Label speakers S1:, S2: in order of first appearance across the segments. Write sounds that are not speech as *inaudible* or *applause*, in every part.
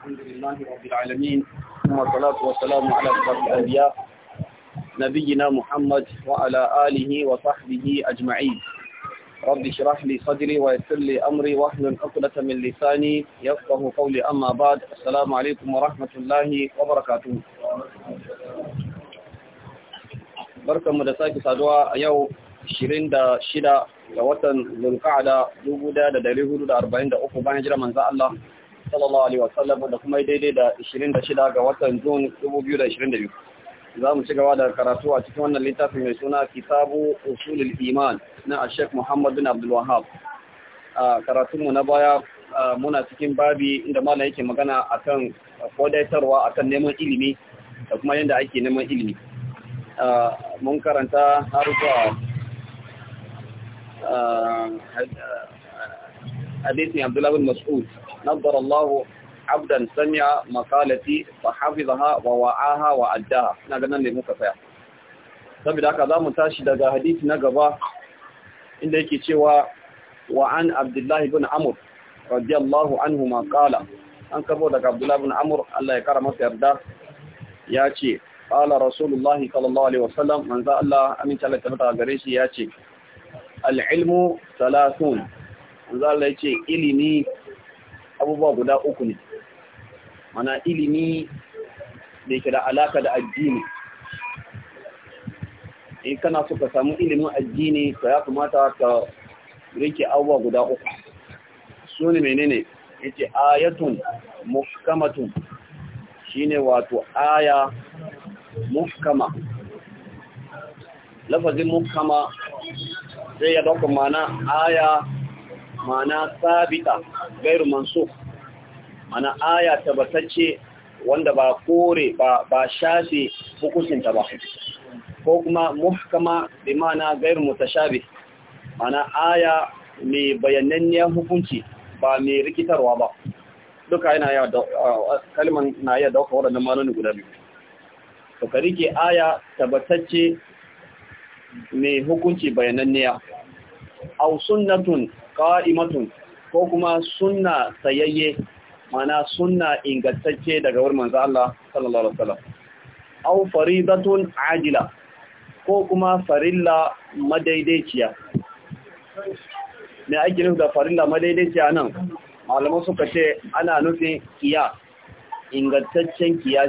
S1: الحمد لله رب العالمين والصلاة والسلام على أشرف الأنبياء نبينا محمد وعلى آله وصحبه أجمعين رب اشرح لي صدري ويسر لي أمري واحلل عقدة من لساني يفقه قولي أما بعد السلام عليكم ورحمة الله وبركاته بركة مدساك سادوا يوم 26 ga watan zulqa'ada 1443 bayan jira manzo Allah sallallahu alaihi wasallam da kuma daidai da 26 ga watan Jun 2022 za mu ci gaba da karatu a cikin wannan littafi mai suna Kitabu Usulul Iman na Sheikh Muhammad bin Abdul Wahhab karatun mu na baya muna cikin babi inda malam yake magana akan kodaitarwa akan neman ilimi da kuma yadda ake neman ilimi mun karanta har zuwa hadisin Abdullah bin Mas'ud نظر الله عبدا سمع مقالتي فحفظها ووعاها وأداها ina ganin ne muka tsaya saboda haka zamu tashi daga hadisi na gaba inda yake cewa wa an Abdullahi ibn Amr radiyallahu anhu ma qala an kabo daga Abdullahi ibn Amr Allah ya kara masa yarda ya ce qala rasulullahi sallallahu alaihi wasallam manzo Allah aminta Allah tabbata gare shi ya ce al-ilmu thalathun manzo Allah ya ce ilimi abubuwa guda uku ne mana ilimi da yake da alaka da addini in kana so ka samu ilimin addini ka ya kamata ka rike abubuwa guda uku su ne menene yake ayatun muhkamatun shine wato aya muhkama lafazin muhkama sai ya dauka mana aya ma'ana sabita gairu mansu mana aya tabbatacce wanda ba kore ba shafe hukuncinta ba ko kuma muhkama bi ma'ana gairu mutashabi mana aya mai bayananniyar hukunci ba mai rikitarwa ba duka yana ya kalman na iya dauka waɗannan maloni guda biyu to ka rike aya tabbatacce mai hukunci bayananniya au sunnatun qa'imatun ko kuma sunna sayayye mana sunna ingantacce daga wurin manzo Allah sallallahu alaihi wasallam aw faridatun ajila ko kuma farilla madaidaiciya me ake nufi da farilla madaidaiciya nan malamai suka ce ana nufin kiya ingantaccen kiya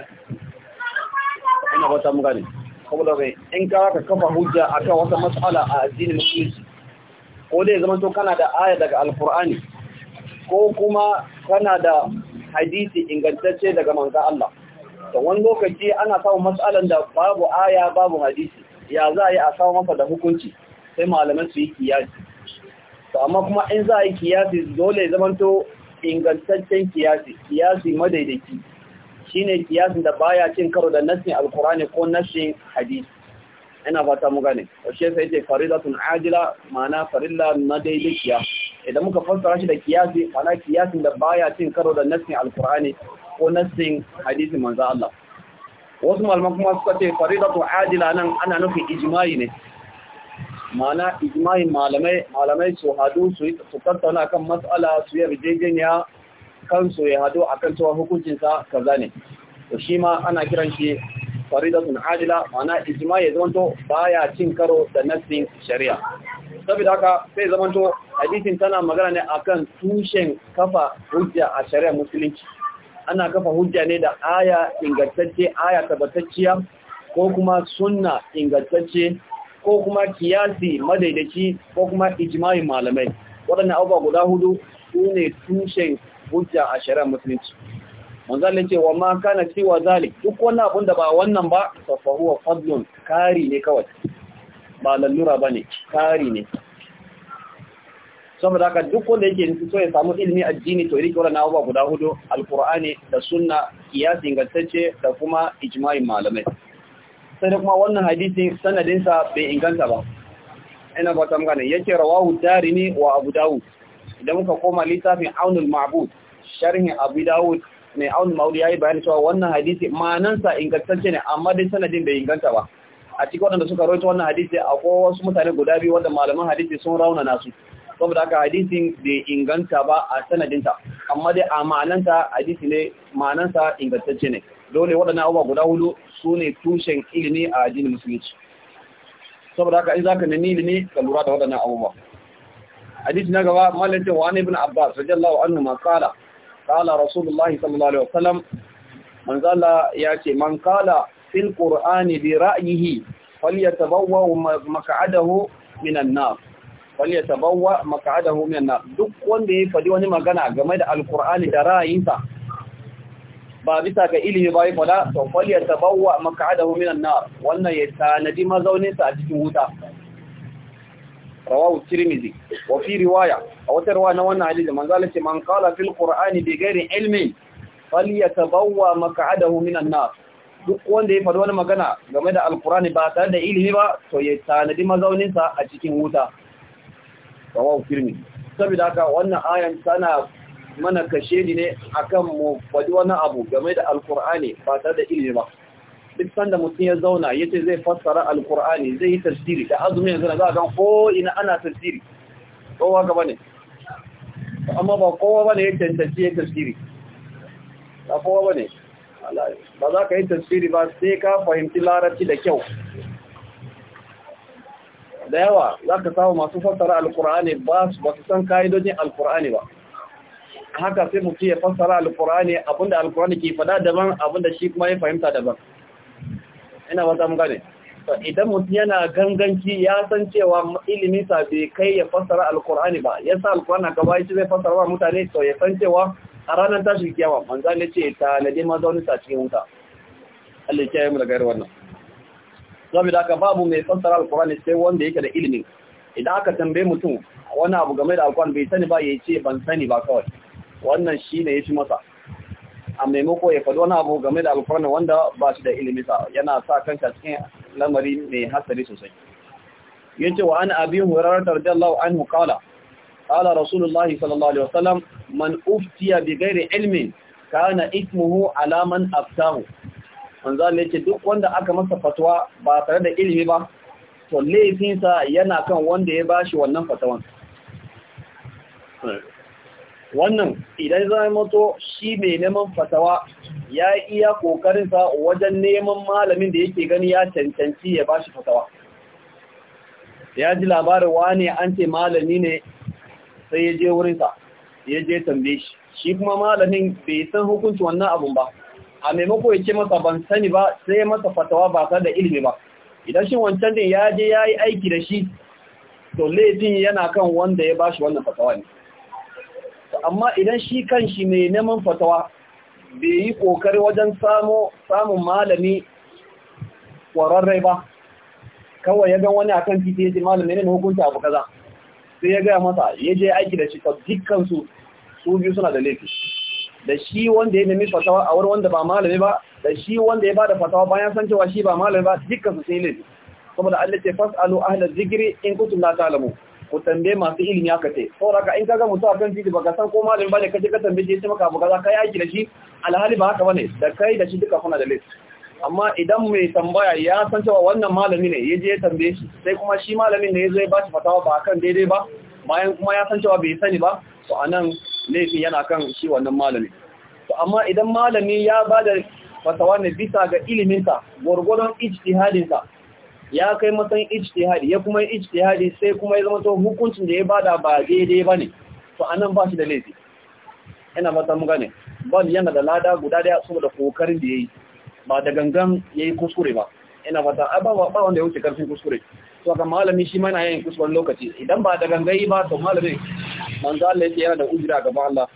S1: ina ba ta mu gane kuma da in ka kafa hujja akan wata mas'ala a addinin musulunci ko dai zaman to kana da aya daga alkur'ani ko kuma kana da hadisi ingantacce daga manzo Allah to wani lokaci ana samu mas'alan da babu aya babu hadisi ya za a yi a samu masa da hukunci sai malaman su yi kiyasi to amma kuma in za a yi kiyasi dole zaman to ingantaccen kiyasi kiyasi madaidaici shine kiyasin da baya cin karo da nassin alkur'ani ko nassin hadisi ina fata mu gane shi sai ce faridatun ajila ma'ana farilla na daidaiciya idan muka fassara shi da kiyasi ma'ana kiyasin da baya cin karo da nassin alqur'ani ko nassin hadisi manzo Allah wasu malaman kuma suka ce faridatu ajila nan ana nufin ijma'i ne ma'ana ijma'in malamai malamai su hadu su su tattauna kan mas'ala su yi kan kansu ya hadu akan cewa hukuncinsa kaza ne to shi ma ana kiran shi faridatun ajila mana ijma ya zamanto baya cin karo da nassin shari'a saboda haka sai zamanto hadisin tana magana ne akan tushen kafa hujja a shari'a musulunci ana kafa hujja ne da aya ingantacce aya tabbatacciya ko kuma sunna ingantacce ko kuma kiyasi madaidaici ko kuma ijma'in malamai waɗannan abubuwa guda hudu sune tushen hujja a shari'a musulunci manzalin ce wa ma kana siwa zalik duk wannan abun da ba wannan ba safahu fadlun kari ne kawai ba lallura ne, kari ne saboda haka duk wanda yake so ya samu ilimi addini to na wannan abubuwa guda hudu alqur'ani da sunna kiyasi, ingantacce da kuma ijma'in malamai sai kuma wannan hadisi sanadinsa bai inganta ba ina ba ta magana yake rawahu darimi wa abu dawud idan muka koma littafin aunul ma'bud sharhin abu dawud mai wani maudi ya yi bayani cewa wannan hadisi manansa ingantacce ne amma dai sanadin bai inganta ba a cikin waɗanda suka rawaito wannan hadisi akwai wasu mutane guda biyu wanda malaman hadisi sun rauna nasu saboda haka hadisin bai inganta ba a sanadinta amma dai a ma'ananta hadisi ne ma'anansa ingantacce ne dole waɗannan abubuwa guda hudu su ne tushen ilimi a addinin musulunci saboda haka in zaka nemi ilimi ka lura da waɗannan abubuwa hadisi na gaba mallace wa ibn abbas radiyallahu anhu ma qala qala rasulullahi sallallahu alaihi wasallam manzo Allah ya ce man qala fil qur'ani bi ra'yihi falyatabawwa maq'adahu minan nar falyatabawwa maq'adahu minan nar duk wanda ya fadi wani magana game da alqur'ani da ra'ayinsa ba bisa ga ilimi ba ya fada to falyatabawwa maq'adahu minan nar wannan ya tanadi mazauninsa a cikin wuta rawahu tirmizi wa fi riwaya a wata riwaya na wannan hadisi manzo Allah ce man qala fil qur'ani bi ghairi ilmin falyatabawwa maq'adahu minan nar duk wanda ya faɗi wani magana game da alkurani ba tare da ilimi ba to ya tanadi mazauninsa a cikin wuta rawahu firmi saboda haka wannan ayan tana mana kashe ne akan mu faɗi wani abu game da alkurani ba tare da ilimi ba duk sanda mutum ya zauna ya ce zai fassara alkur'ani zai yi tafsiri da azumi yanzu na za a gan ko ina ana tafsiri kowa gaba ne amma ba kowa bane ya cancanci ya tafsiri ba kowa bane. ba za ka yi tafsiri ba sai ka fahimci larabci da kyau da yawa za ka samu masu fassara alkur'ani ba su san ka'idojin alkur'ani ba haka sai mutum ya fassara alkur'ani abinda alkur'ani ke fada daban abinda shi kuma ya fahimta daban ina wata mun idan mutum yana ganganci ya san cewa ilimi sa bai kai ya fasara alkur'ani ba ya sa alkur'ani gaba shi zai fassara wa mutane to ya san cewa a ranar tashi kiyawa manzan ne ce ta nade mazaunin sa cikin wuta Allah ya mu daga wannan da babu mai fasara alkur'ani sai wanda yake da ilimi idan aka tambaye mutum wani abu game da alkur'ani bai sani ba ya ce ban sani ba kawai wannan shi ne ya fi masa a maimako ya faɗi wani abu game da alfarna wanda ba su da ilimi sa yana sa kanka cikin lamari mai hasari sosai yace wa an abi hurairah lau an qala ala rasulullah sallallahu alaihi wasallam man uftiya bi ghairi ilmin kana ismuhu ala man aftahu manzo ne yace duk wanda aka masa fatwa ba tare da ilimi ba to laifinsa yana kan wanda ya bashi wannan fatawan wannan idan zai mato shi mai neman fatawa ya iya kokarinsa wajen neman malamin da yake gani ya cancanci ya ba shi fatawa ya ji labarin wani an ce malami ne sai ya je wurinsa ya je tambaye shi shi kuma malamin bai san hukunci wannan abun ba a maimako ya ce masa ban sani ba sai ya masa fatawa ba tare da ilimi ba idan shi wancan din ya je ya yi aiki da shi to laifin yana kan wanda ya ba shi wannan fatawa ne amma idan shi kan shi mai neman fatawa bai yi ƙoƙari wajen samun malami ƙwararrai ba kawai ya gan wani akan fita ya ce malami ne hukunta abu kaza sai ya gaya masa ya je aiki da shi ta dukkansu su biyu suna da laifi da shi wanda ya nemi fatawa a wurin wanda ba malami ba da shi wanda ya bada fatawa bayan san cewa shi ba malami ba dukkansu sai laifi saboda Allah ce fasalu ahla dhikri in kuntum la ta'lamun ku tambaye masu ilimi aka ce sauraka in kaga mutu akan titi baka san ko malin bane kaje ka tambaye shi maka abu kaza kai yaki da shi alhali ba haka bane da kai da shi duka kuna da list amma idan mai tambaya ya san cewa wannan malami ne yaje ya tambaye shi sai kuma shi malamin ne ya zo ya bashi fatawa ba kan daidai ba bayan kuma ya san cewa bai sani ba to anan laifi yana kan shi wannan malami to amma idan malami ya ba da fatawa ne bisa ga iliminsa gurgurdan ijtihadinsa ya kai matsayin ijtihadi ya kuma ijtihadi sai kuma ya zama to hukuncin da ya bada ba daidai bane to anan ba shi da laifi ina fata mu gane bal yana da lada guda daya saboda kokarin da yayi ba da gangan yayi kuskure ba ina fata ai ba ba wanda ya wuce karfin kuskure to ga malami shi ma yana yin kuskuren lokaci idan ba da gangai ba to malami manzo Allah yake yana da ujira ga Allah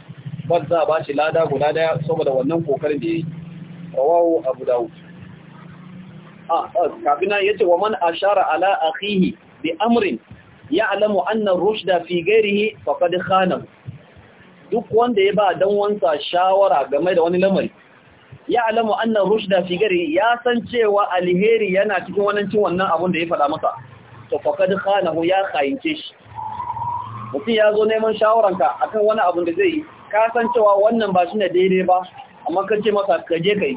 S1: ba za ba shi lada guda daya saboda wannan kokarin da yayi rawahu abu daud Ah, ah, Kafina ya yace wa man ashara ala akhihi bi amrin ya'lamu anna rushda fi ghairihi faqad duk wanda ya ba dan wansa shawara game da wani lamari alamu annan rushda fi ghairihi ya san cewa alheri yana cikin wannan cin wannan abun da ya faɗa masa to faqad khanahu ya khayince shi mutum ya zo neman shawaranka akan wani abun da zai yi ka san cewa wannan ba shi ne daidai ba amma kan ce masa ka je kai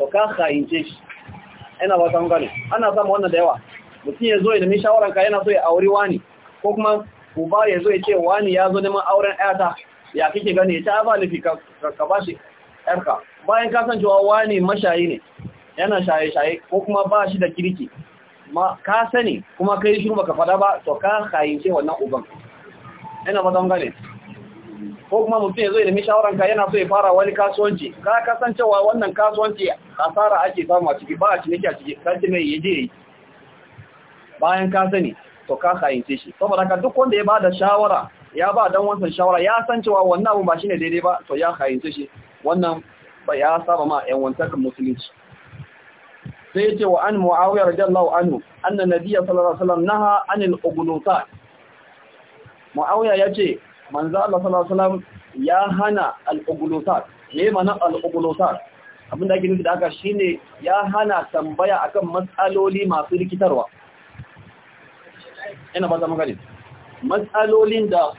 S1: to ka khayince shi ina ba ta ana samu wannan da yawa mutum ya zo ya nemi shawaran ka yana so ya auri wani ko kuma uba ya zo ya ce wani ya zo neman auren ƴata ya kike gani ya ta ba nufi ka ba shi ƴarka bayan ka san cewa wani mashayi ne yana shaye-shaye ko kuma ba shi da kirki ma ka sani kuma kai shiru ka fada ba to ka hayince wannan uban ina ba ko kuma mutum ya zo ya nemi shawaran ka yana so ya fara wani kasuwanci ka kasancewa wannan kasuwanci asara ake samu a ciki ba a ciniki a ciki kanti mai yaje yi bayan ka sani to ka hayince shi saboda ka duk wanda ya ba da shawara ya ba dan wansan shawara ya san cewa wannan abu ba shine daidai ba to ya hayince shi wannan ba ya saba ma yan wantakan musulunci sai ce wa an muawiya radiyallahu anhu anna nabiyya sallallahu alaihi wasallam naha anil ughnutat muawiya yace manzo Allah sallallahu alaihi wasallam ya hana al-ughlutat me mana al-ughlutat abinda ake nufi da haka shine ya hana tambaya akan matsaloli masu rikitarwa ina ba mu gani matsalolin da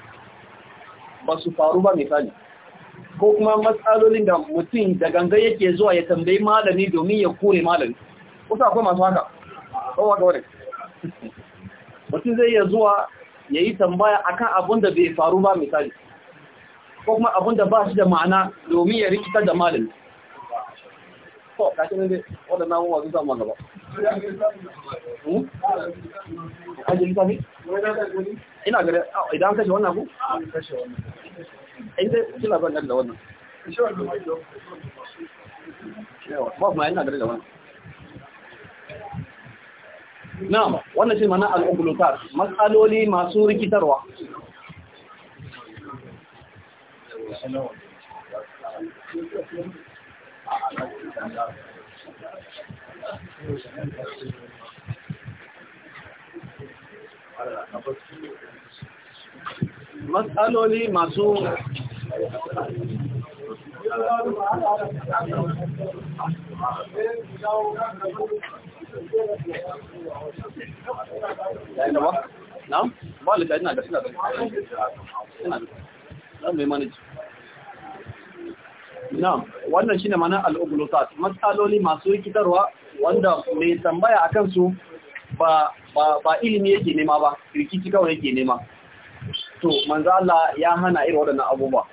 S1: ba su faru ba misali ko kuma matsalolin da mutum da ganga yake zuwa ya tambayi malami domin ya kore malami kusa akwai masu haka kowa ga wani mutum zai iya zuwa ya yi tambaya akan abun da bai faru ba misali ko kuma abun da ba shi da ma'ana domin ya rikitar da malin ko ne waɗannan gaba hmm? ina gare idan kashe wannan ku? Eh, kashe wannan da wannan ba kuma ina gare da wannan na'am wannan shi mana al'ubulutar mas'aloli masu rikitarwa matsaloli masu ina wannan shine mana al matsaloli masu rikitarwa wanda mai tambaya akan su ba ba ba ilimi yake nema ba rikici kawai yake nema to manzo Allah ya hana irin waɗannan abubuwa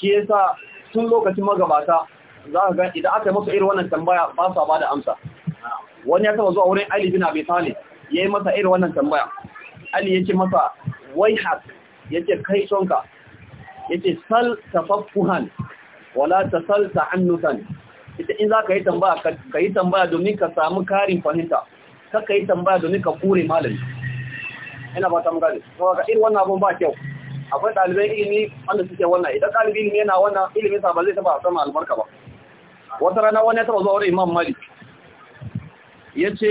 S1: shi yasa tun lokacin magabata za ka ga idan aka yi masa irin wannan tambaya ba sa ba da amsa wani ya taba zuwa wurin Ali bin Abi Talib yayi masa irin wannan tambaya Ali yake masa wai hak yake kai sonka yake sal tafaffuhan wala tasal ta'annutan ita in zaka yi tambaya ka yi tambaya domin ka samu karin fahimta ka yi tambaya domin ka kure malami ina ba ta mun gane to ga irin wannan abun ba kyau akwai dalibai ilimi wanda suke wannan idan ɗalibin ilimi yana wannan ilimin sa ba zai taba sama albarka ba wata rana wani ya taba zuwa wurin Imam Malik ya ce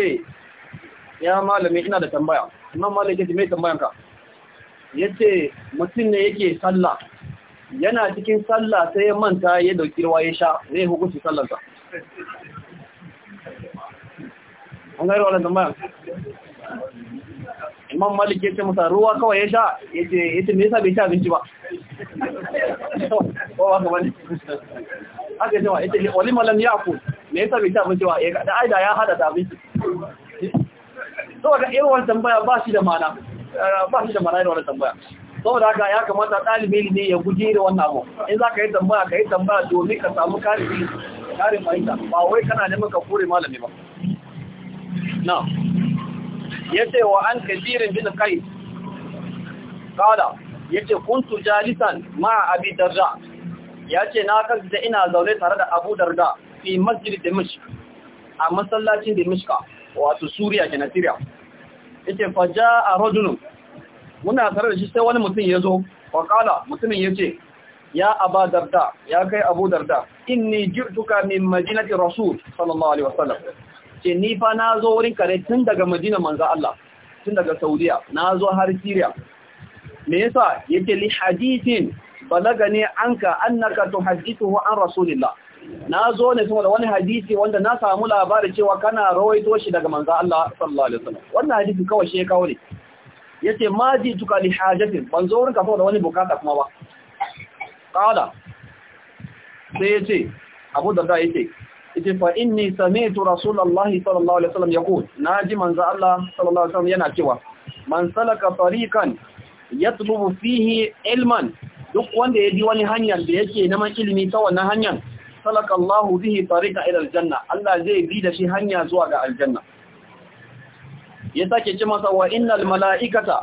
S1: ya malami ina da tambaya imam malami ce mai tambayanka ya ce mutum ne yake sallah yana cikin sallah sai ya manta ya dauki ruwa ya sha zai hukunci sallansa an gari wannan tambayan imam malik ya ce masa ruwa kawai ya sha ya ce ya ce me bai sha abinci ba
S2: *laughs*
S1: ko ba ka bane aka yi cewa ya ce walimalan malam ya ku me yasa bai ci abinci ba eh, da aida ya hada da abinci saboda irin wannan tambaya ba shi da mana eh, ba shi da mana irin wannan tambaya saboda haka ya kamata dalibi ne ya guji da wannan abu in za ka yi tambaya ka yi tambaya domin ka samu kare kare fahimta ba wai kana neman ka kore malami ba na yace wa an kajirin bin kai kada Yace kuntu jalisan ma abi darda Yace na kasance ina zaune tare da abu darda fi masjid Dimashq a masallacin Dimashq wato Suriya kenan Syria yace fa a rajulun muna tare da shi sai wani mutum yazo fa kala mutumin yace ya aba darda ya kai abu darda inni jirtuka min madinati rasul sallallahu alaihi wasallam ce ni fa nazo wurin kare tun daga madina manzo Allah tun daga saudiya nazo har syria me yasa yake li hadithin balagani anka annaka tuhaddithu an rasulillah na zo ne saboda wani hadisi wanda na samu labarin cewa kana rawaito shi daga manzo Allah sallallahu alaihi wasallam wannan hadisi kawai shi ya kawo ne yace ma ji tuka li hajatin ban zo wurinka saboda wani bukata kuma ba qala sai yace Abu Darda yace yace fa inni sami'tu Rasulullahi sallallahu alaihi wasallam yaqul naji manzo Allah sallallahu alaihi wasallam yana cewa man salaka tariqan yatlubu fihi ilman duk wanda ya bi wani hanyar da yake neman ilimi ta wannan hanyar salaka Allahu bihi tariqa ila aljanna Allah zai bi da shi hanya zuwa ga aljanna ya ke ci masa wa innal mala'ikata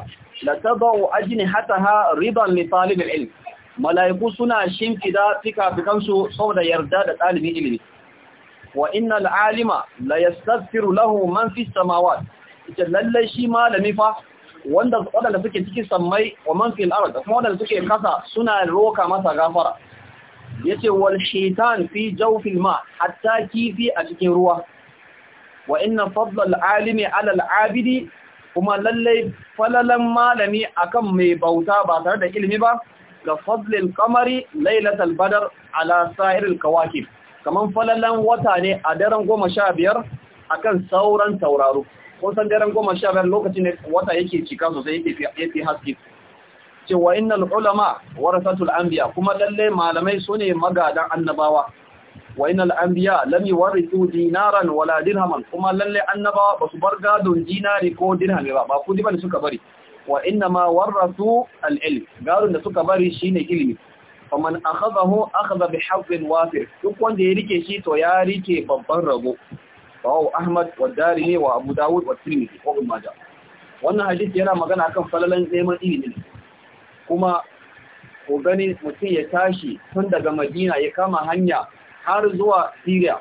S1: la tadau ajnihataha ridan li talib alilm mala'iku suna shimfida fika-fikan su saboda yarda da talibin ilimi wa innal alima la yastaghfiru lahu man fi samawat ita lallai shi malami fa wanda wadanda suke cikin sammai wa man fil ard kuma wadanda suke kasa suna roka masa gafara yace wal shaitan fi jawfil ma hatta kifi a cikin ruwa wa inna fadla al'alimi ala al'abidi kuma lallai falalan malami akan mai bauta ba tare da ilimi ba ga fadlil kamari lailatul badar ala sa'iril kawakib kaman falalan wata ne a daren 15 akan sauran tauraro ko san daren 15 lokacin wata yake cika sosai yake yake haske cewa innal ulama warasatul anbiya kuma lalle malamai sune magadan annabawa wa innal anbiya lam yuwarithu dinaran wala dirhaman kuma lalle annabawa basu bar gadon dinari ko dirhami ba ba kudi bane suka bari wa innama warathu al-ilm gadon da suka bari shine ilimi faman akhadahu akhadha bihaqqin wafir duk wanda ya rike shi to ya rike babban rago rawahu ahmad wa darimi wa abu dawud wa tirmidhi wa ibn majah wannan hadisi yana magana akan falalan neman ilimi kuma ko gani mutum ya tashi tun daga madina ya kama hanya har zuwa syria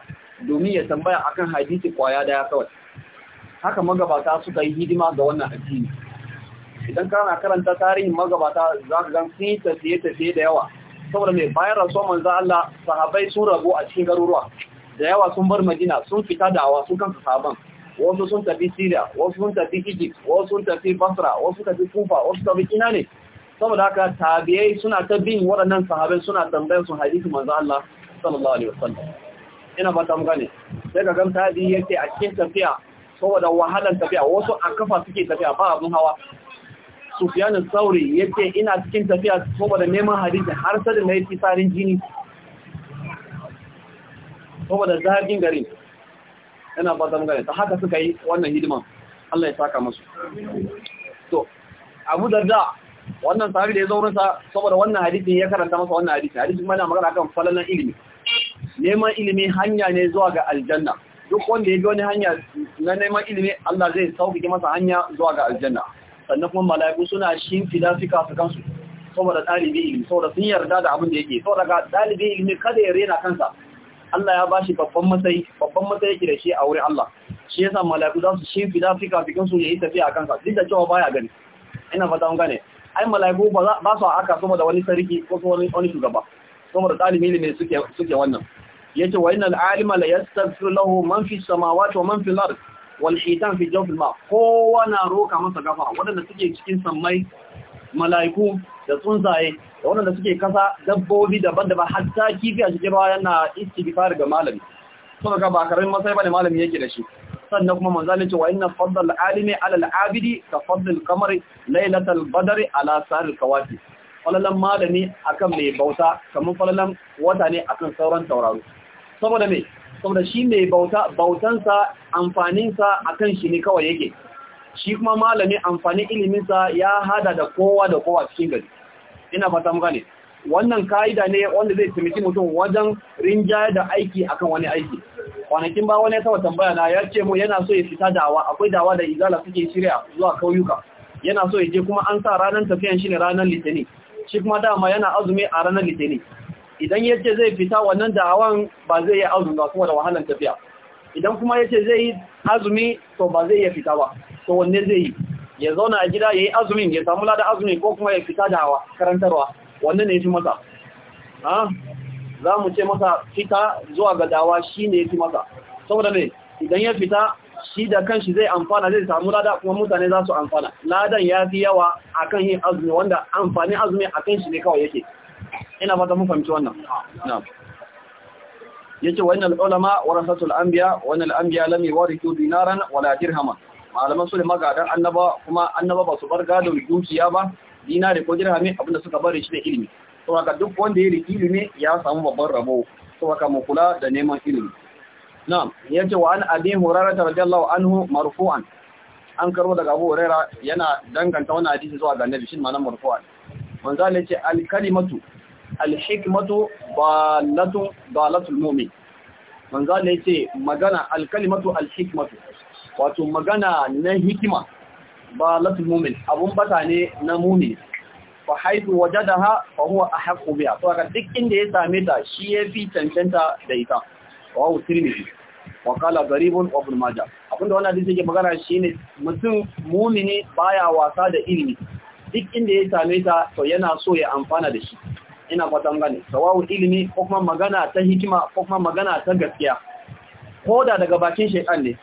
S1: domin ya tambaya akan hadisi kwaya daya kawai haka magabata suka yi hidima ga wannan addini idan kana karanta tarihin magabata za ka gan sun yi tafiye-tafiye da yawa saboda mai bayan rasuwa manzo Allah sahabai sun rabu a cikin garuruwa da yawa sun bar Madina sun fita da sun kan sahaban wasu sun tafi Syria wasu sun tafi Egypt wasu sun tafi Basra wasu tafi Kufa wasu tafi ina ne saboda haka tabiyai suna ta bin waɗannan sahabai suna tambayar su hadisi manzo Allah sallallahu alaihi wasallam ina ba ta mu gane sai ka ga tabi yake a cikin tafiya saboda wahalan tafiya wasu a kafa suke tafiya ba abun hawa Sufyan Sauri yace ina cikin tafiya saboda neman hadisi har sai da nayi tsarin jini saboda zagin gari ina ba ta mu gane ta haka suka yi wannan hidima Allah ya saka musu to Abu Darda wannan sahabi da ya zaurin sa saboda wannan hadisin ya karanta masa wannan hadisi hadisin mana magana akan falalan ilimi neman ilimi hanya ne zuwa ga aljanna duk wanda ya bi wani hanya na neman ilimi Allah zai sauƙaƙe masa hanya zuwa ga aljanna sannan kuma mala'iku suna shimfida fika su kansu saboda ɗalibi ilimi saboda sun yarda da abin da yake saboda ga ɗalibi ilimi kada ya rena kansa Allah ya bashi babban matsayi babban matsayi yake da shi a wurin Allah shi yasa mala'iku za su shimfida su kansu su yayi tafiya a kansa duk da cewa baya gani ina fata mun gane ai mala'iku ba su aka sama da wani sarki ko wani shugaba saboda talimi ne suke suke wannan yace wa innal alima la yastaghfir lahu man fi samawati wa man fi al-ard wal hitan fi jawfil ma kowa na roka masa gafa wadanda suke cikin sammai mala'iku da tsuntsaye da wadanda suke kasa dabbobi daban-daban hatta kifi a cikin ruwa yana istighfar ga malami saboda ba karamin masai bane malami yake da shi sannan kuma manzo Allah ce wa inna faddal alimi ala abidi ka faddal kamar lailatal badri ala sa'il kawati falalan malami akan mai bauta kamar falalan wata ne akan sauran tauraro saboda me saboda shi mai bauta bautansa amfaninsa akan shi ne kawai yake shi kuma malami amfanin iliminsa ya hada da kowa da kowa cikin gari ina fata mu gane wannan ka'ida ne wanda zai taimaki mutum wajen rinja da aiki akan wani aiki kwanakin ba wani sama tambaya na ya ce mu yana so ya fita dawa akwai dawa da izala suke shirya zuwa kauyuka yana so ya je kuma an sa ranar tafiyan shi ne ranar litini shi kuma dama yana azumi a ranar litini idan ya ce zai fita wannan dawan ba zai yi azumi ba kuma da wahalar tafiya idan kuma ya ce zai yi azumi to ba zai iya fita ba to wanne zai yi ya zauna a gida ya yi azumin ya samu lada azumin ko kuma ya fita dawa karantarwa wannan ne ya fi masa za mu ce masa fita zuwa ga dawa shi ne ya fi masa saboda ne idan ya fita shi da kanshi zai amfana zai samu lada kuma mutane za su amfana ladan ya fi yawa a kan yin azumi wanda amfani azumi a kan shi ne kawai yake ina fata mun fahimci wannan yace wa al'ulama Wani warasatul anbiya wa innal lami wari yuwarithu dinaran wala dirhama malaman su da magadan annaba kuma annaba ba su bar gadon dukiya ba Dinare ko dirhami abinda suka bari shi ne ilimi to haka duk wanda ya da ilimi ya samu babban rabo to haka mu kula da neman ilimi na'am yace wa an abi hurairah radiyallahu anhu marfu'an an karo daga Abu Huraira yana danganta wannan hadisi zuwa ga Annabi shin nan marfu'an manzo Allah yace al kalimatu al hikmatu balatu balatul mu'min manzo Allah yace magana al kalimatu al hikmatu wato magana na hikima Ba lafi mu'min abun bata ne na mumi fa da ha fa huwa haƙo biya to ga duk inda ya same ta shi ya fi cancanta da ita wa tirmidhi wa qala garibun wa ibn majah abinda wannan hadisi yake magana shine mutum mu'mini baya wasa da ilimi duk inda ya same ta to yana so ya amfana da shi ina fatan gane sawawun ilimi ko kuma magana ta hikima ko kuma magana ta gaskiya ko da daga bakin shaytan ne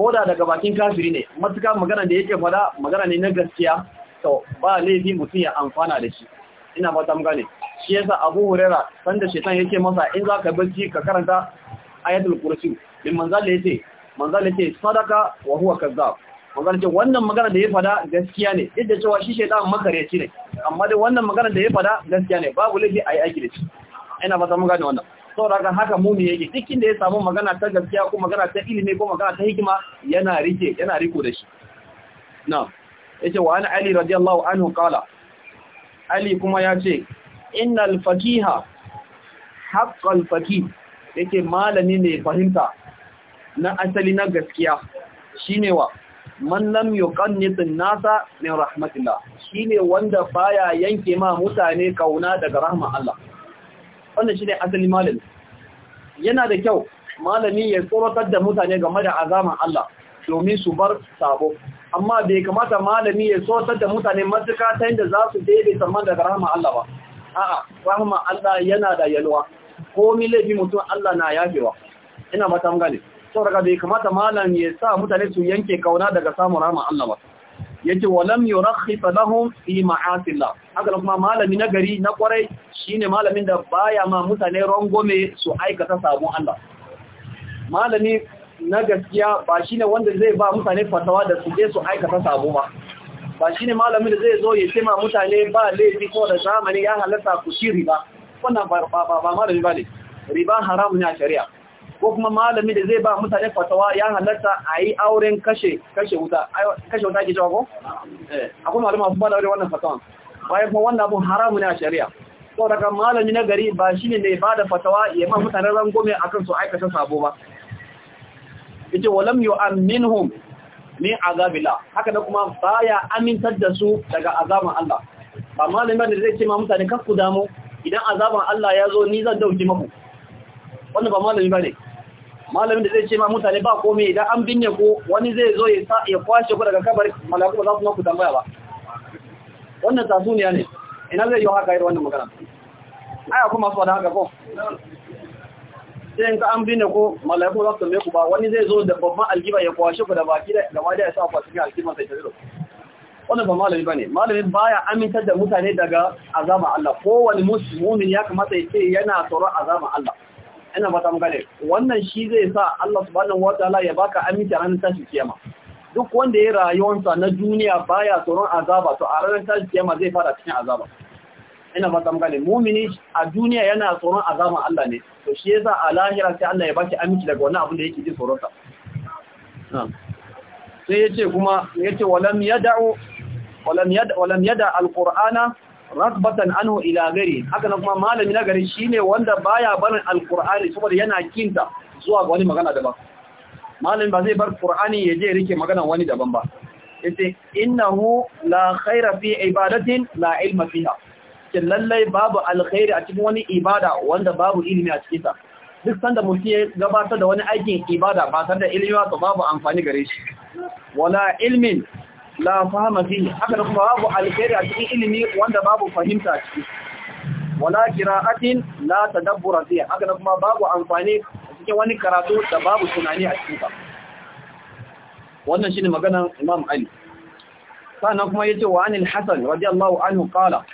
S1: ko da daga bakin kafiri ne matuka magana da yake fada magana ne na gaskiya to ba laifi mutum ya amfana da shi ina fata mun gane shi yasa Abu Huraira sanda shaitan yake masa in za ka barci ka karanta ayatul kursi din manzal yace manzal yace sadaka wa huwa kazzab manzal ce wannan magana da ya fada gaskiya ne duk cewa shi shaitan makareci ne amma dai wannan magana da ya fada gaskiya ne babu laifi ayi aiki da shi ina fata mun gane wannan saboda haka muni yake dukkin da ya samu magana ta gaskiya ko magana ta ilimi ko magana ta hikima yana rike yana riko da shi na'am yace wa ana ali radiyallahu anhu qala ali kuma yace innal faqiha haqqal faqih yake malami ne fahimta na asali na gaskiya shine wa man lam yuqannitun nasa min rahmatillah shine wanda baya yanke ma mutane kauna daga rahman Allah wannan ne asali malami yana da kyau malami ya tsoratar da mutane game da azaman Allah domin su bar sabo amma bai kamata malami ya tsoratar da mutane matuka ta yadda za su daidai saman daga rahama Allah ba a'a rahama Allah yana da yalwa komi laifi mutum Allah na yafewa ina mata mun gane saboda bai kamata malami ya sa mutane su yanke kauna daga samun rahama Allah ba yace walam yurakhif lahum fi ma'asillah haka kuma malami na gari na kwarai shine malamin da baya ma mutane rongome su aikata sabon Allah malami na gaskiya ba shine wanda zai ba mutane fatawa da su je su aikata sabo ba ba shine malamin da zai zo ya ce ma mutane ba laifi ko da zamani ya halatta ku shiri ba wannan ba ba ba malami ba ne riba haramun ya shari'a ko kuma malami da zai ba mutane fatawa ya halatta a yi auren kashe wuta kashe wuta ke jawago? Eh. akwai malama su ba da wannan fatawa bayan kuma wannan abun haramu ne a shari'a So daga malami na gari ba shi ne mai ba da fatawa ya ma mutane rangome a kan su aikata sabo ba ita walam yu ni min azabila haka da kuma baya amintar da su daga azaban Allah ba malamin da zai ce ma mutane kakku damu idan azaban Allah ya zo ni zan dauki maku wannan ba malami bane malamin da zai ce ma mutane ba komai idan an binne ku wani zai zo ya kwashe ku daga kabari malaku ba za su maku tambaya ba wannan tasuniya ne ina zai yi haka irin wannan magana aya kuma su da haka ko sai ka an binne ku malaku za su tambaye ku ba wani zai zo da babban algiba ya kwashe ku da baki da gaba da ya sa ku a cikin algiban sai ta zo wannan ba malami bane malami baya amintar da mutane daga azaba Allah kowane musulmi ya kamata ya ce yana tsoron azaba Allah ina ta magane wannan shi zai sa Allah subhanahu wataala ya baka aminci a ranar tashi kiyama duk wanda ya rayuwarsa na duniya baya tsoron azaba to a ranar tashi kiyama zai fara cikin azaba ina ta magane mumini a duniya yana tsoron azaba Allah ne to shi yasa a lahira sai Allah ya baki aminci daga wannan abin da yake ji tsoron sa sai yace kuma yace walam yad'u walam yad walam yada alqur'ana rakbatan anhu ila gari haka nan kuma malami na gari shine wanda baya barin alqur'ani saboda yana kinta zuwa ga wani magana daban malami ba zai bar qur'ani ya je rike magana wani daban ba yace innahu la khaira fi ibadatin la ilma fiha kin lallai babu alkhairi a cikin wani ibada wanda babu ilimi a cikin sa duk sanda mutum ya gabatar da wani aikin ibada ba tare da ilimi ba babu amfani gare shi wala ilmin la fahama fi haka da kuma babu alkhairi a cikin ilimi wanda babu fahimta a ciki wala qira'atin la tadabbura fi haka da kuma babu amfani a cikin wani karatu da babu tunani a cikin ba wannan shine maganar Imam Ali sannan kuma yace wa anil Hasan radiyallahu anhu qala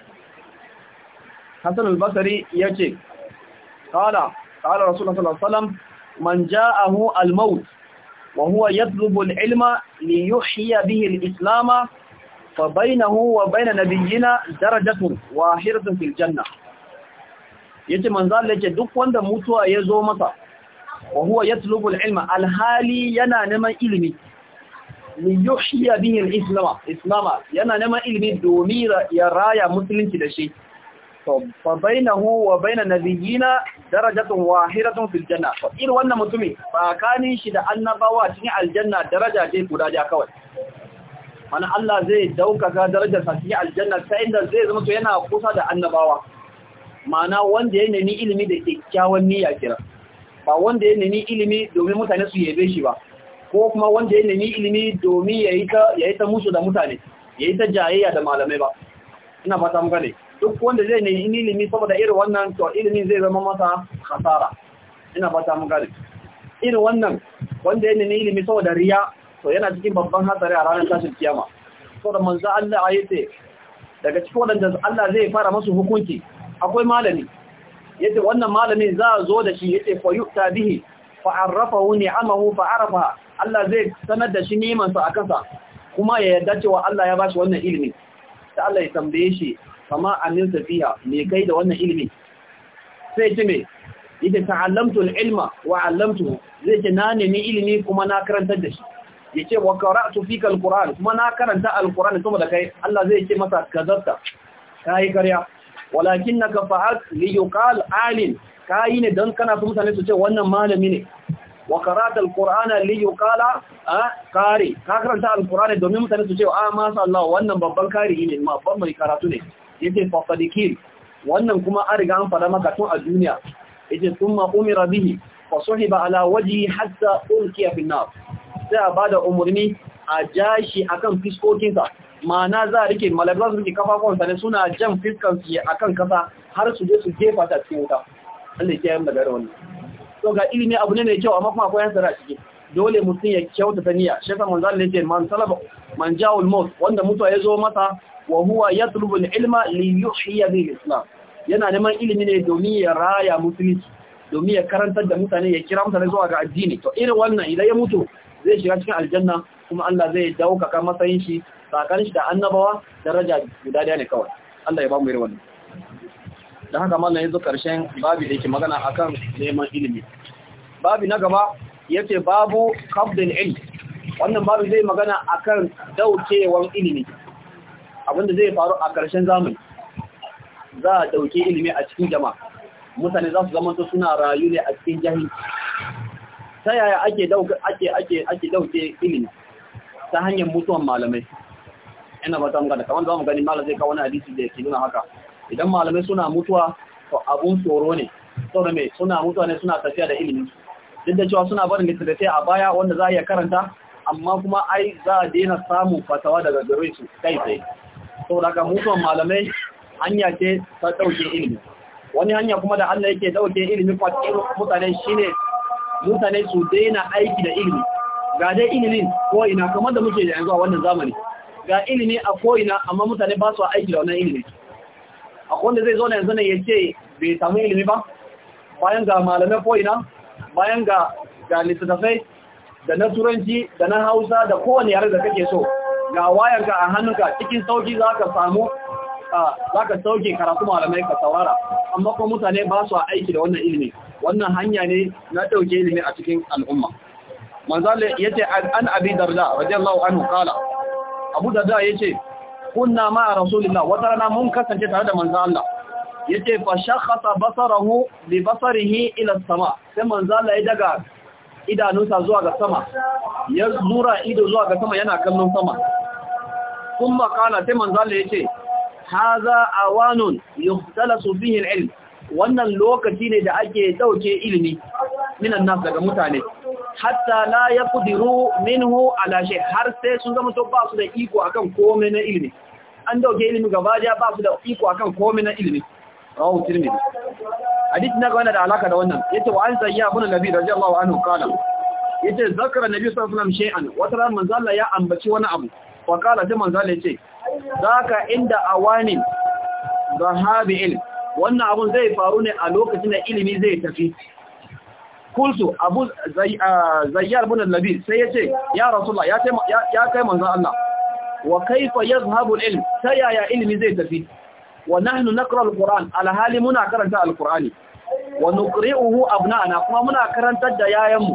S1: Hasan al-Basri yace qala qala Rasulullah sallallahu alaihi wasallam man ja'ahu al-maut وهو يطلب العلم ليحيي به الإسلام فبينه وبين نبينا درجة واحدة في الجنة yace manzo Allah yace duk wanda mutuwa ya zo masa wa huwa yatlubu al-ilma yana naman ilimi li yuhyiya bihi al islama yana ya raya musulunci da shi fa bainahu wa bainan nabiyina darajatun wahiratun fil janna to irin wannan mutumi tsakanin shi da annabawa cikin aljanna daraja ce guda ja kawai mana Allah zai daukaka darajar sa cikin aljanna ta inda zai zama to yana kusa da annabawa mana wanda ya nemi ilimi da kyakkyawan niyya kira ba wanda ya nemi ilimi domin mutane su yabe shi ba ko kuma wanda ya nemi ilimi domin ya yi ta musu da mutane ya yi ta jayayya da malamai ba ina fata muka ne duk wanda zai ne ilimi saboda irin wannan to ilimin zai zama masa hasara ina ba ta magana irin wannan wanda yana ne ilimi saboda riya to yana cikin babban hatsari a ranar tashin kiyama saboda manzo Allah ayyace daga cikin wadanda Allah zai fara masu hukunci akwai malami yace wannan malamin za a zo da shi yace fa yu'ta bihi fa arrafahu ni'amahu fa arafa Allah zai sanar da shi neman sa akansa kuma ya yarda cewa Allah ya bashi wannan ilimi sai Allah ya tambaye shi kama amin safiya mai kai da wannan ilimi sai ce me yake ta'allamtu al-ilma wa 'allamtuhu zai ce na nemi ilimi kuma na karantar da shi yace wa qara'tu fika al-qur'an kuma na karanta al-qur'an kuma da kai Allah zai ce masa kazarta kai karya walakinnaka fa'at li yuqal 'alim kai ne dan kana so mutane su ce wannan malami ne wa qara'ta al-qur'ana li yuqala qari ka karanta al-qur'an domin mutane su ce a ma sha Allah wannan babban kari ne babban mai karatu ne yake fa wannan kuma an riga an fara maka tun a duniya yake thumma umira bihi fa sahiba ala waji hatta ulqiya fi nar sai a bada umurni a jashi akan fiskokin sa ma'ana za a rike malabar su rike kafafon sa ne suna jan fiskan su akan kasa har su je su jefa ta cikin wuta Allah ya yi magana wannan to ga ilimi abu ne mai kyau amma kuma akwai hasara ciki dole mutum ya kyautata ta niyya shi yasa manzo Allah ce man talaba man ja'ul maut wanda mutuwa ya zo masa wa huwa yatlubu al-ilma li yuhyi bihi islam yana neman ilimi ne domin ya raya musulunci domin ya karantar da mutane ya kira mutane zuwa ga addini to irin wannan idan ya mutu zai shiga cikin aljanna kuma Allah zai daukaka matsayin shi tsakanin shi da annabawa daraja guda daya ne kawai Allah ya ba mu irin wannan dan haka mallan yanzu karshen babu da yake magana akan neman ilimi babu na gaba yace babu qabdul ilm wannan babu zai magana akan daukewan ilimi abinda zai faru a ƙarshen zamani za a ɗauki ilimi a cikin jama'a mutane za su zamanta suna rayu ne a cikin jahil ta yaya ake ɗauke ilimi ta hanyar mutuwan malamai ina ba ta mugada kamar za mu gani malam zai kawo wani hadisi da yake nuna haka idan malamai suna mutuwa to abun tsoro ne tsoro mai suna mutuwa ne suna tafiya da ilimi duk da cewa suna barin littattafai a baya wanda za a iya karanta amma kuma ai za a daina samun fatawa daga gare su kai tsaye sau daga mutuwan malamai hanya ce ta ɗauke ilimi wani hanya kuma da Allah yake dauke ilimi kwatsiru mutane shi ne mutane su daina aiki da ilimi ga dai ilimin ko ina kamar da muke yanzu a wannan zamani ga ilimi a ko ina amma mutane ba su aiki da wannan ilimi akwai wanda zai zo na yanzu ne ya ce bai samu ilimi ba bayan ga malamai ko ina bayan ga ga littattafai da na turanci da na hausa da kowane yare da kake so ga wayanka a hannunka cikin sauki za ka samu za ka sauke karatu malamai ka saurara amma kuma mutane ba su aiki da wannan ilimi wannan hanya ne na ɗauke ilimi a cikin al'umma manzali ya ce an abi darda radiyallahu anhu kala abu darda ya ce kunna ma a rasulillah wata rana mun kasance tare da manzan Allah ya ce fa shakhasa basarahu bi basarihi ila sama sai manzan Allah ya daga idanunsa zuwa ga sama ya zura ido zuwa ga sama yana kallon sama kun makala sai manzala ya ce haza awanun yuhtalasu bihi al-ilm wannan lokaci ne da ake dauke ilimi minan nas daga mutane hatta la yaqdiru minhu ala shay har sai sun zama to ba su da iko akan komai na ilimi an dauke ilimi gaba da ba su da iko akan komai na ilimi rawu tirmidhi hadisi na gwana da alaka da wannan yace wa an sayya ibn nabi radiyallahu anhu qala yace zakara nabi sallallahu alaihi wasallam shay'an wata ran manzo Allah ya ambaci wani abu wa kala sai manzo Allah yace zaka inda awani zahabi ilm wannan abun zai faru ne a lokacin da ilimi zai tafi kultu abu zayyar bin al-labi sai yace ya rasulullah ya ya kai manzo Allah wa kaifa yazhabu al-ilm sai ya ilimi zai tafi wa nahnu naqra al-quran alhali muna karanta al-qur'ani wa nuqri'uhu abna'ana kuma muna karantar da yayanmu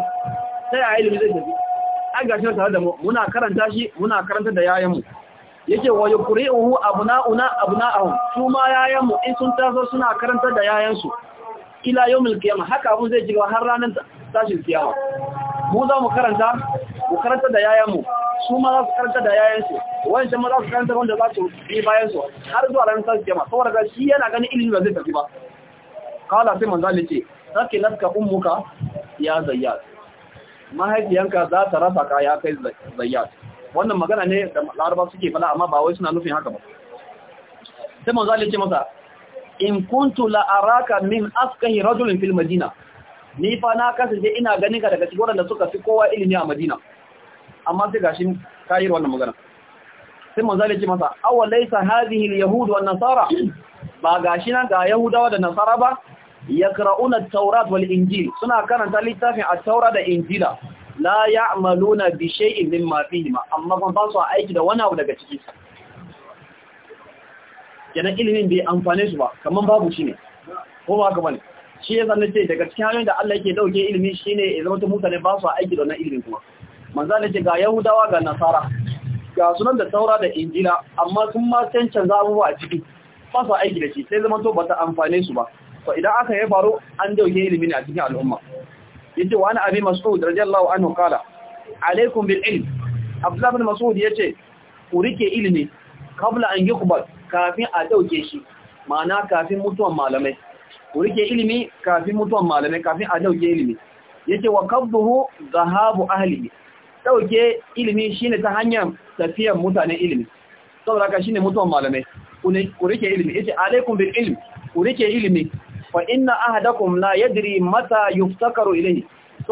S1: sai ya ilimi zai tafi ai tare da mu muna karanta shi muna karanta da yayanmu yake wa yuqri'uhu abna'una abna'ahu kuma ma yayanmu in sun taso suna karanta da yayansu ila yawmil qiyamah haka abun zai jiga har ranar tashin kiyama mu za mu karanta mu karanta da yayanmu su ma za su karanta da yayansu wancan ma za su karanta wanda za su yi bayan su har zuwa ranar tashin kiyama saboda shi yana ganin ilimi ba zai tafi ba qala sai manzali ce ce sakilatka ummuka ya zayyad mahaifiyanka za ta rasa ka ya kai zayyad wannan magana ne da laraba suke fada amma ba wai suna nufin haka ba sai manzo Allah ya ce masa in kuntu la araka min afkahi rajulin fil madina ni fa na kasance ina ganin ka daga cikin wanda suka fi kowa ilimi a madina amma sai gashi kayi wannan magana sai manzo Allah ya ce masa aw hadhihi al yahud wan nasara ba gashi nan ga yahudawa da nasara ba yaqra'una at-taurat wal injil suna karanta littafin at-taura da injila la ya'maluna bi shay'in mimma fihi amma kuma ba su aiki da wani abu daga ciki kenan ilimin bai amfane su ba kaman babu shi ne ko ba haka bane shi yasa ce daga cikin hanyoyin da Allah yake dauke ilimi shine ya zama mutane ba su aiki da wannan ilimin kuma manzo ce ga yahudawa ga nasara ga sunan da taura da injila amma sun ma canza abubuwa a ciki ba su aiki da shi sai zama to ba ta amfane su ba to idan aka yi baro an dauke ilimi ne a cikin al'umma yace wa abi mas'ud radiyallahu anhu kala. alaikum bil ilm abdullah bin mas'ud yace ku rike ilimi kabla an yi yukbal kafin a dauke shi ma'ana kafin mutuwan malamai ku rike ilimi kafin mutuwan malamai kafin a dauke ilimi yace wa kabduhu zahabu ahlihi dauke ilimi shine ta hanyar tafiyar mutanen ilimi saboda haka shine mutuwan malamai ku rike ilimi yace alaikum bil ilm ku rike ilimi fa inna ahadakum la yadri mata yuftakaru ilayhi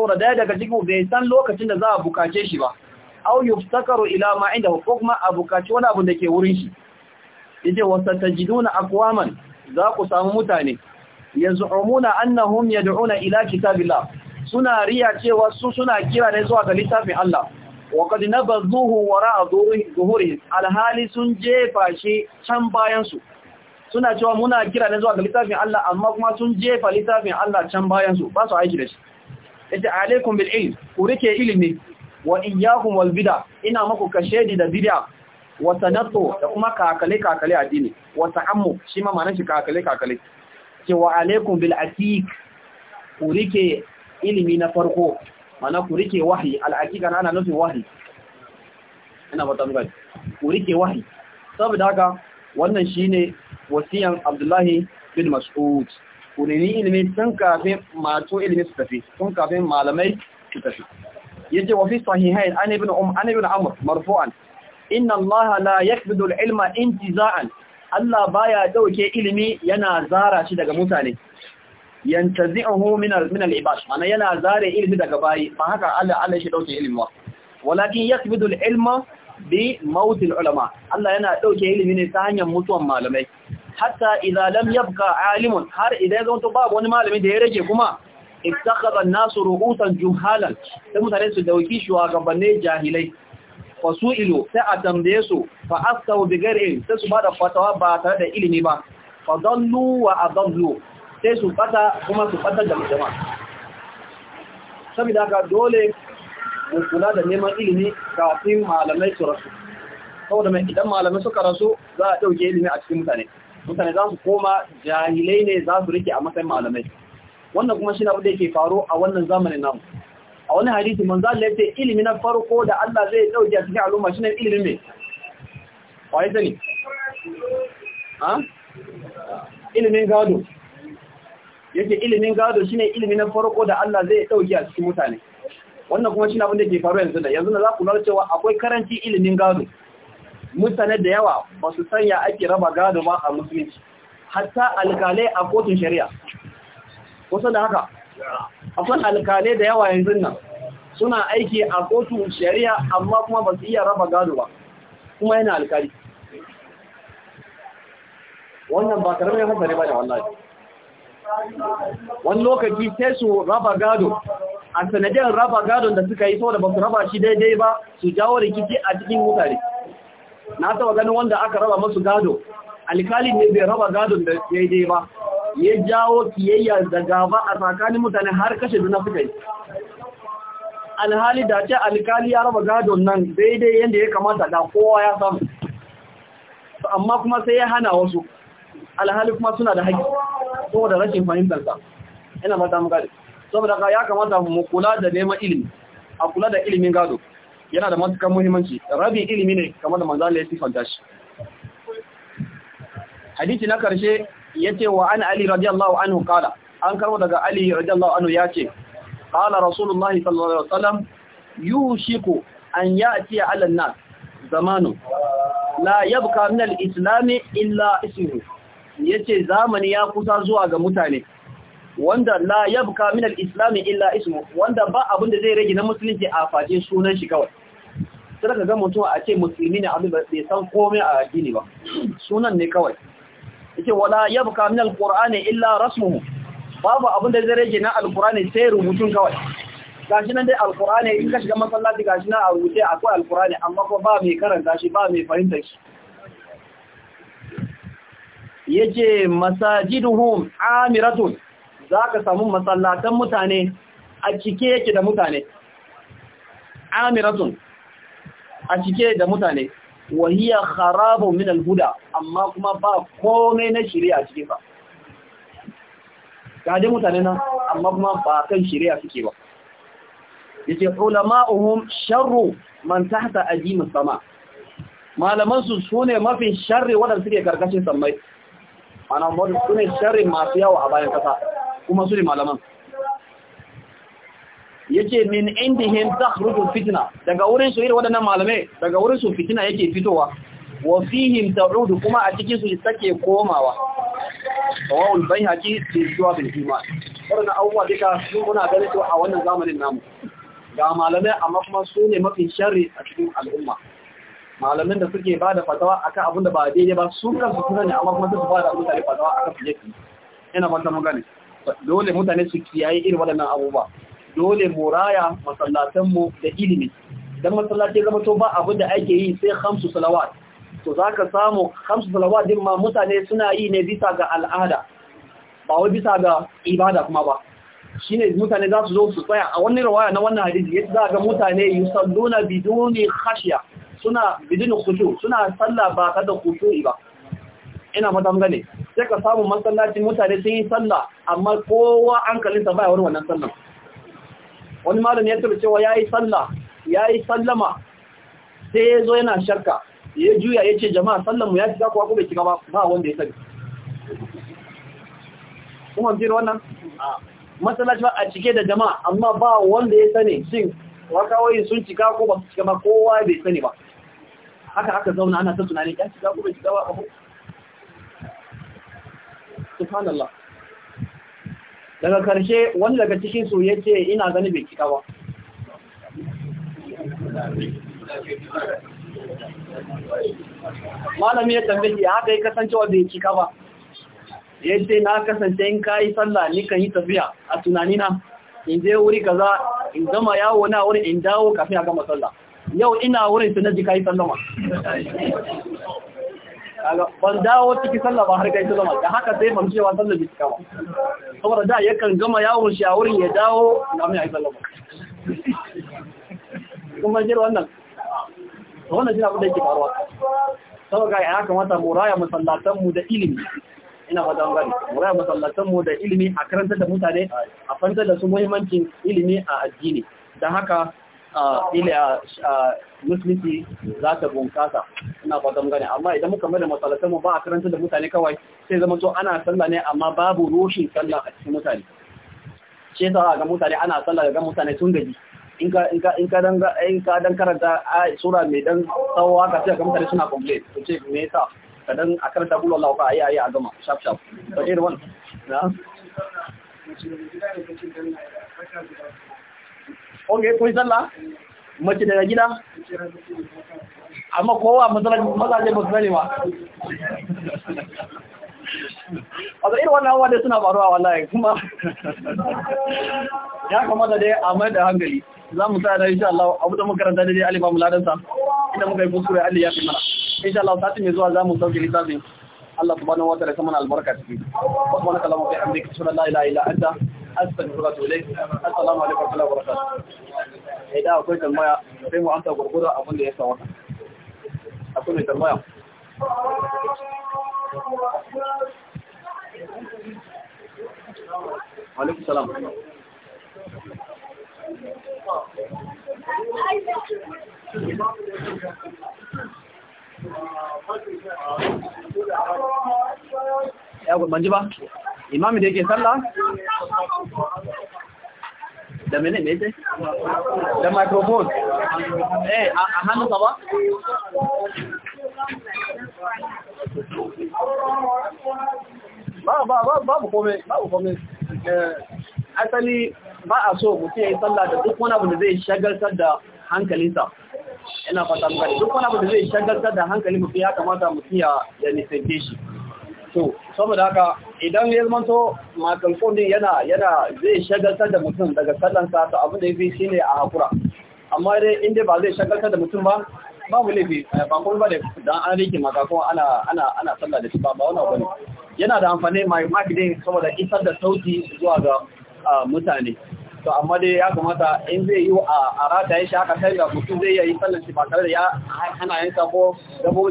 S1: da daya daga cikin bai san lokacin da za a bukace shi ba aw yuftakaru ila ma inda ko abukaci a wani abu da ke wurin shi yace wasatajiduna aqwaman za ku samu mutane yaz'umuna annahum yad'una ila kitabillah suna riya cewa su suna kira ne zuwa ga littafin Allah wa qad nabazuhu wara'a zuhurihim alhali sun jefa shi can bayan su suna cewa muna kira ne zuwa ga littafin Allah amma kuma sun jefa littafin Allah can bayan su ba su aiki da shi yace alaikum bil ilm ku rike ilimi wa iyyakum wal bid'a ina maku kashedi da bid'a wa tanattu da kuma kakale kakale addini wa ta'ammu shi ma ma'anar shi kakale kakale ce wa alaikum bil atiq ku rike ilimi na farko mana ku rike wahyi al aqiqa ana nufin wahyi ina ba ta ku rike wahyi saboda haka wannan shine wasiyan abdullahi bin mas'ud ku nemi ilimi tun kafin masu ilimi su tafi tun kafin malamai su tafi yace wa fi sahihain an ibn um an ibn amr marfu'an inna allaha la yakbidu al-ilma intiza'an Allah baya dauke ilimi yana zara shi daga mutane yantazi'uhu min min al-ibad ana yana zare ilimi daga bayi ba haka Allah Allah shi dauke ilimi walakin yakbidu al-ilma bi maut al-ulama Allah yana dauke ilimi ne ta hanyar mutuwan malamai hatta idza yafka yabqa alimun har idan zanto babu wani malami da ya rage kuma ittakhadha an-nasu ru'usan juhalan sai mutane su dauki shugabanni jahilai fasu'ilu sai a tambaye su fa askawu sai su bada fatawa ba tare da ilimi ba fa a wa adallu sai su fata kuma su fata da jama'a saboda haka dole mu kula da neman ilimi kafin malamai su rasu saboda mai idan malamai suka rasu za a ɗauke ilimi a cikin mutane mutane za su koma jahilai ne za su rike a matsayin malamai wannan kuma shi abin da yake faro a wannan zamanin namu a wani hadisi manzo Allah yace ilimi na farko da Allah zai dauke a cikin al'umma shine ilimin me wai sani ha ilimin gado yake ilimin gado shine ilimi na farko da Allah zai dauke a cikin mutane wannan kuma shine abin da yake faru yanzu da yanzu za ku lura cewa akwai karanci ilimin gado mutane da yawa ba su sanya ake raba gado ba a musulunci hatta alkalai a kotun shari'a kusa da haka akwai alkalai da yawa yanzu nan suna aiki a kotun shari'a amma kuma ba su iya raba gado ba kuma yana alkali wannan ba karamin hatsari ba da wallahi
S2: wani lokaci
S1: sai su raba gado a sanadiyar raba gado da suka yi saboda ba su raba shi daidai ba su jawo rikici a cikin mutane na taba ganin wanda aka raba masu gado alkalin ne bai raba gadon da daidai ba ya jawo kiyayya da gaba a tsakanin mutane har kashe juna suka alhali da ce alkali ya raba gadon nan daidai yadda ya kamata da kowa ya samu amma kuma sai ya hana wasu alhali kuma suna da haƙƙi saboda rashin fahimtarsa ina ba ta mu gado saboda ya kamata mu kula da neman ilimi a kula da ilimin gado yana da matukan muhimmanci rabi ilimi ne kamar da manzo Allah ya sifanta shi hadisi na karshe ce wa an ali radiyallahu anhu kala an karo daga ali radiyallahu anhu ce kala rasulullah sallallahu alaihi wasallam yushiku an ya'ti ala an-nas zamanu la yabqa min al-islam illa ismuhu yace zamani ya kusa zuwa ga mutane wanda la yabqa min al-islam illa ismu wanda ba abin da zai rage na musulunci a face sunan shi kawai sai ka ga mutum a ce musulmi ne abin bai san komai a addini ba sunan ne kawai yake wala yabqa min alqur'ani illa rasmuhu babu abin da zai rage na alqur'ani sai rubutun kawai gashi nan dai alqur'ani in ka shiga masallaci gashi nan a rubuce akwai alqur'ani amma ko ba mai karanta shi ba mai fahimta shi yace masajiduhum amiratun zaka samu masallatan mutane a cike yake da mutane amiratun a cike da mutane wahiya kharabun min alhuda amma kuma ba komai na shirya a cike ba ga dai mutane nan amma kuma ba kan shirya suke ba yace ulama'uhum sharru man tahta ajim sama malaman su sune mafi sharri wadanda suke karkashin sammai ana mu sune sharri masu yawa a bayan kasa kuma su ne malaman yace min indihim takhruju fitna daga wurin su irin wadannan malamai daga wurin su fitina yake fitowa wa fihim ta'udu kuma a cikin su take komawa wawul bayhaqi fi shuwa bil iman wannan abubuwa duka sun muna ganin to a wannan zamanin namu ga malamai amma kuma su ne mafi sharri a cikin al'umma malamin da suke ba da fatawa akan abin da ba daidai ba su su kuma ne amma kuma su ba da mutane fatawa akan fiye ina ban ta magana dole mutane su kiyaye irin waɗannan abubuwa dole mu raya masallatanmu da ilimi dan masallaci zama to ba abin da ake yi sai khamsu salawat to zaka samu khamsu salawat din ma mutane suna yi ne bisa ga al'ada ba wai bisa ga ibada kuma ba shine mutane za su zo su tsaya a wannan rawaya na wannan hadisi yadda za ga mutane salluna biduni khashiya suna biduni khushu suna sallah ba da khushu'i ba ina madan gane sai ka samu masallacin mutane sun yi sallah amma kowa an kalinsa baya wani wannan sallan wani malam ya taɓa cewa ya yi sallah ya yi sallama sai ya zo yana sharka ya juya ya ce jama'a sallanmu ya cika kuwa kuma cika ba wanda ya sani kuma jira wannan matsalaci ba a cike da jama'a amma ba wanda ya sani shin wakawai sun cika ko ba su cika ba kowa bai sani ba haka haka zauna ana ta tunanin ya cika ko bai cika ba subhanallah daga karshe wani daga cikin su ya ce ina gani bai cika ba malami ya tambaye haka yi kasancewa bai cika ba ya ce na kasance in ka yi sallah ni kan yi tafiya a tunanina in je wuri kaza in zama yawo na wurin in dawo kafin a gama sallah yau ina wurin su na ji ka yi sallama ban dawo ciki sallah ba har kai sallama da haka sai ban cewa sallah bi cika ba saboda da kan gama yawon shi a wurin ya dawo na mai ai sallama kuma jira wannan wannan jira abin da yake faruwa saboda ya kamata mu raya masallatan mu da ilimi ina ba don gani muraya masallatanmu da ilimi a karanta da mutane a fantar da su muhimmancin ilimi a addini don haka ila musulunci za ta bunkasa suna kwatan gane amma idan muka mai da matsalatanmu ba a karanta da mutane kawai sai zama to ana sallah ne amma babu roshin sallah a cikin mutane ce a ga mutane ana sallah ga mutane sun gaji in ka dan karanta sura mai dan tsawo haka sai ga mutane suna complain ko ce me sa ka dan a karanta bulu Allah ka ayi ayi a gama shaf shaf irin na okay kun sallah mace daga gida amma kowa mazaje ba su sani ba a irin wannan abuwa dai suna faruwa wallahi kuma ya kamata dai a mai da hankali za mu sa da insha Allah abu da makaranta da dai alifa muladansa inda muka yi kuskure Allah ya fi mana insha Allah sati mai zuwa za mu sauke littafin Allah subhanahu wa ta'ala kuma albarka ciki subhanaka allahumma wa bihamdika ashhadu an la ilaha illa anta astaghfiruka wa ilayk assalamu da ya sa manji ba imami da yake sallah da mene ne ce da microphone eh a hannunka ba ba ba babu kome babu kome eh, asali ba a so mutum ya yi sallah da duk wani abu da zai shagaltar da hankalinsa ina fata muka duk wani abu da zai shagaltar da hankalin mutum ya kamata mutum ya nisance shi to saboda haka idan ya zamanto makalfon din yana yana zai shagaltar da mutum daga sallansa to abin da ya fi ne a hakura amma dai inda ba zai shagaltar da mutum ba eh, ba mu laifi ba kuma ba da dan an rike makakon ana ana ana sallah da shi ba ba wannan bane yana da amfani mai maki din saboda isar da sauti zuwa ga mutane to amma dai ya kamata in zai yi a rata ya shaka sai da mutum zai yi sallan shi ba tare da ya hana yansa ko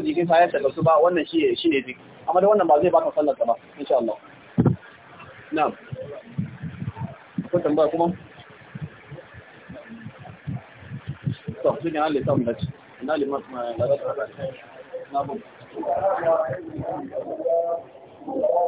S1: jikin sa ya shagaltu ba wannan shi ne shi amma da wannan ba zai baka sallar ta ba insha Allah na'am ko tambaya kuma to shi ne Allah ya samu dace na liman na
S2: rabu na bu